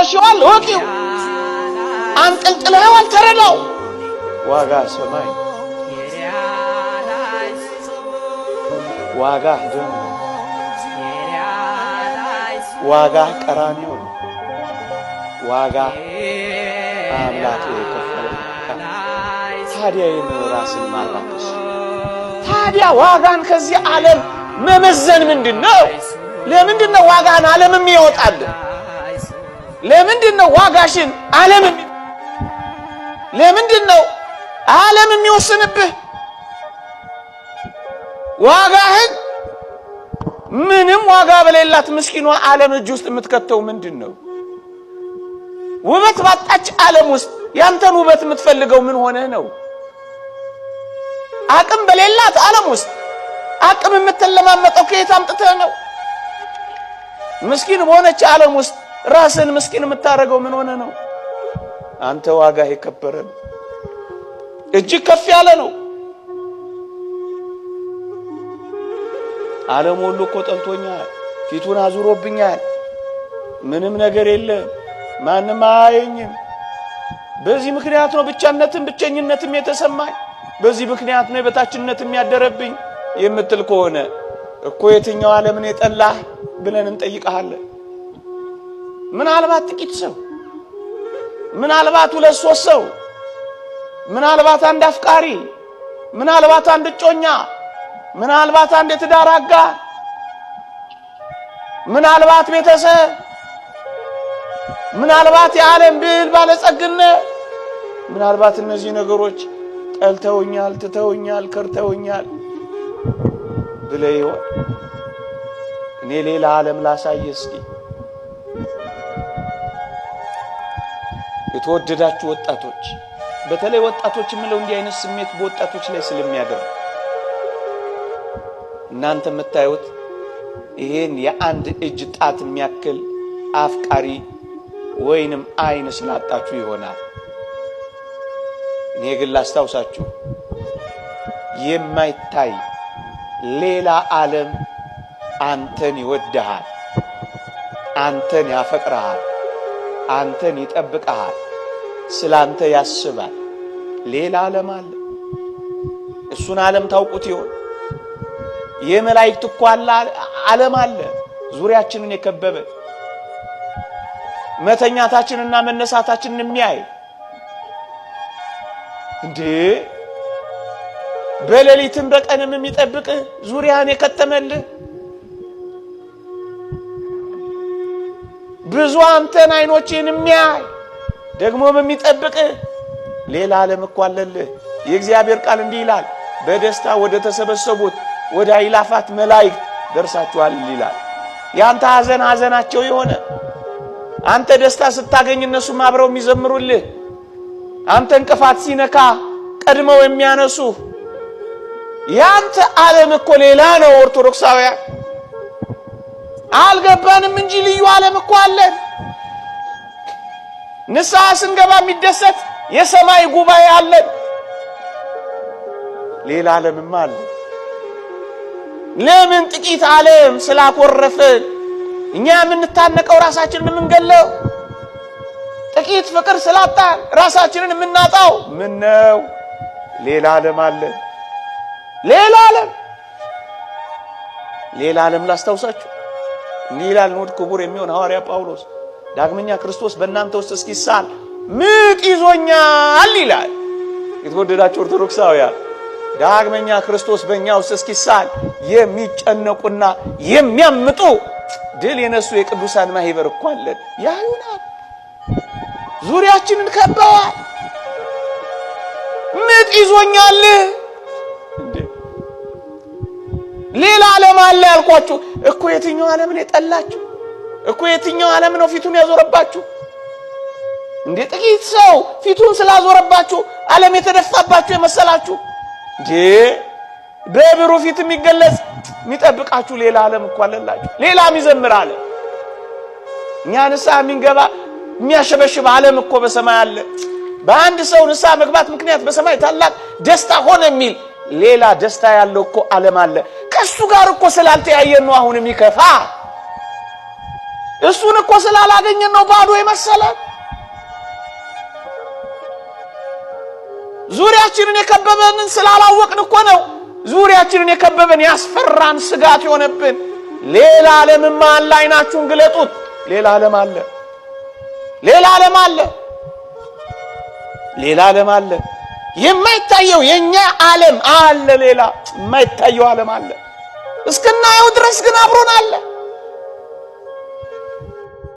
አፍርሰሽዋል፣ ወቂው አንጠልጥለኸዋል፣ ተረዳው ዋጋ ሰማይ ዋጋ ደም ዋጋ ቀራኒው ዋጋ አምላክ የከፈለው ታዲያ ይህን ራስን ማራከስ ታዲያ ዋጋን ከዚህ ዓለም መመዘን ምንድን ነው? ለምንድን ነው ዋጋን ዓለምም ይወጣልን? ለምንድን ነው ዋጋሽን ዓለም ለምንድን ነው ዓለም የሚወስንብህ? ዋጋህን ምንም ዋጋ በሌላት ምስኪኗ ዓለም እጅ ውስጥ የምትከተው ምንድን ነው? ውበት ባጣች ዓለም ውስጥ ያንተን ውበት የምትፈልገው ምን ሆነህ ነው? አቅም በሌላት ዓለም ውስጥ አቅም የምትለማመጠው ከየት አምጥተህ ነው? ምስኪን በሆነች ዓለም ውስጥ ራስን ምስኪን የምታደርገው ምን ሆነ ነው? አንተ ዋጋ የከበረ ነው፣ እጅግ ከፍ ያለ ነው። ዓለም ሁሉ እኮ ጠልቶኛል፣ ፊቱን አዙሮብኛል፣ ምንም ነገር የለም፣ ማንም አያየኝም። በዚህ ምክንያት ነው ብቻነትም ብቸኝነትም የተሰማኝ፣ በዚህ ምክንያት ነው የበታችነትም ያደረብኝ የምትል ከሆነ እኮ የትኛው ዓለምን የጠላህ ብለን እንጠይቀሃለን። ምናልባት ጥቂት ሰው፣ ምናልባት ሁለት ሶስት ሰው፣ ምናልባት አንድ አፍቃሪ፣ ምናልባት አንድ እጮኛ፣ ምናልባት አንድ የትዳር አጋር፣ ምናልባት ቤተሰብ፣ ምናልባት የዓለም ብዕል ባለጸግነት፣ ምናልባት እነዚህ ነገሮች ጠልተውኛል፣ ትተውኛል፣ ከርተውኛል ብለ ይሆን እኔ ሌላ ዓለም ላሳየ እስኪ የተወደዳችሁ ወጣቶች፣ በተለይ ወጣቶች የምለው እንዲህ አይነት ስሜት በወጣቶች ላይ ስለሚያደር እናንተ የምታዩት ይሄን የአንድ እጅ ጣት የሚያክል አፍቃሪ ወይንም አይን ስላጣችሁ ይሆናል። እኔ ግን ላስታውሳችሁ የማይታይ ሌላ ዓለም አንተን ይወድሃል፣ አንተን ያፈቅረሃል። አንተን ይጠብቀሃል፣ ስለ አንተ ያስባል። ሌላ ዓለም አለ። እሱን ዓለም ታውቁት ይሆን? የመላእክት እኮ ዓለም አለ ዙሪያችንን የከበበ መተኛታችንና መነሳታችንን የሚያይ እንዴ በሌሊትም በቀንም የሚጠብቅህ ዙሪያን የከተመልህ ብዙ አንተን አይኖችን የሚያይ ደግሞም የሚጠብቅህ ሌላ ዓለም እኮ አለልህ። የእግዚአብሔር ቃል እንዲህ ይላል፣ በደስታ ወደ ተሰበሰቡት ወደ አይላፋት መላእክት ደርሳችኋል ይላል። የአንተ ሐዘን ሐዘናቸው የሆነ አንተ ደስታ ስታገኝ እነሱም አብረው የሚዘምሩልህ፣ አንተ እንቅፋት ሲነካ ቀድመው የሚያነሱ የአንተ ዓለም እኮ ሌላ ነው ኦርቶዶክሳውያን አልገባንም እንጂ ልዩ ዓለም እኮ አለን። ንስሐ ስንገባ የሚደሰት የሰማይ ጉባኤ አለን። ሌላ ዓለምም አለ። ለምን ጥቂት ዓለም ስላኮረፍን እኛ የምንታነቀው ራሳችንን የምንገለው ጥቂት ፍቅር ስላጣን ራሳችንን የምናጣው ምን ነው? ሌላ ዓለም አለ። ሌላ ዓለም ሌላ ዓለም ላስታውሳችሁ ሊላል ንዑድ ክቡር የሚሆን ሐዋርያ ጳውሎስ። ዳግመኛ ክርስቶስ በእናንተ ውስጥ እስኪሳል ምጥ ይዞኛል ይላል። የተወደዳችሁ ኦርቶዶክሳውያን ዳግመኛ ክርስቶስ በእኛ ውስጥ እስኪሳል የሚጨነቁና የሚያምጡ ድል የነሱ የቅዱሳን ማህበር እኮ አለን። ያዩናል፣ ዙሪያችንን ከበዋል። ምጥ ይዞኛል ሌላ ዓለም አለ ያልኳችሁ እኮ የትኛው ዓለም ነው የጠላችሁ? እኮ የትኛው ዓለም ነው ፊቱን ያዞረባችሁ? እንዴ ጥቂት ሰው ፊቱን ስላዞረባችሁ ዓለም የተደፋባችሁ የመሰላችሁ እንዴ? በብሩ ፊት የሚገለጽ የሚጠብቃችሁ ሌላ ዓለም እኮ አለላችሁ። ሌላ የሚዘምር አለ። እኛ ንስሐ የሚንገባ የሚያሸበሽብ ዓለም እኮ በሰማይ አለ። በአንድ ሰው ንስሐ መግባት ምክንያት በሰማይ ታላቅ ደስታ ሆነ የሚል ሌላ ደስታ ያለው እኮ ዓለም አለ። ከእሱ ጋር እኮ ስላልተያየን ነው አሁን የሚከፋ። እሱን እኮ ስላላገኘን ነው ባዶ የመሰለን። ዙሪያችንን የከበበንን ስላላወቅን እኮ ነው ዙሪያችንን የከበበን ያስፈራን ስጋት የሆነብን። ሌላ ዓለምማ አለ፣ አይናችሁን ግለጡት። ሌላ ዓለም አለ፣ ሌላ ዓለም አለ፣ ሌላ ዓለም አለ። የማይታየው የኛ ዓለም አለ፣ ሌላ የማይታየው ዓለም አለ። እስክናየው ድረስ ግን አብሮን አለ።